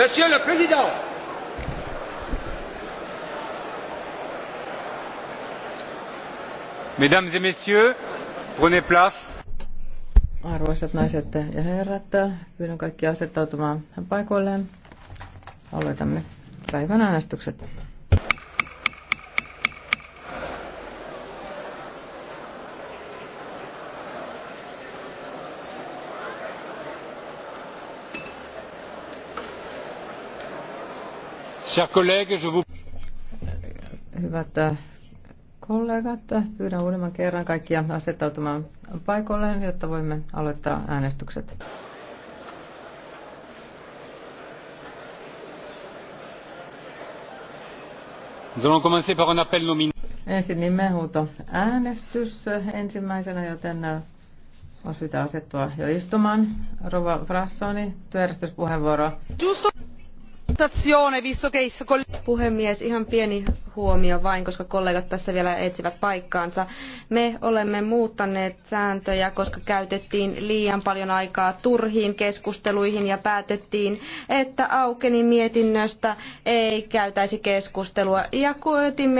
Monsieur le Président, Mesdames et Messieurs, prenez place. Arvoisat naiset ja herrat, pyydän kaikki asettautumaan paikoilleen. Aloitamme päivän äänestykset. Hyvät äh, kollegat, pyydän uudemman kerran kaikkia asettautumaan paikoilleen, jotta voimme aloittaa äänestykset. Ensin nimenhuuto äänestys ensimmäisenä, joten äh, on syytä asettua jo istumaan. Rova Frassoni, työjärjestyspuheenvuoro. Justo Puhemies, ihan pieni huomio vain, koska kollegat tässä vielä etsivät paikkaansa. Me olemme muuttaneet sääntöjä, koska käytettiin liian paljon aikaa turhiin keskusteluihin ja päätettiin, että aukeni mietinnöstä ei käytäisi keskustelua. Ja koetimme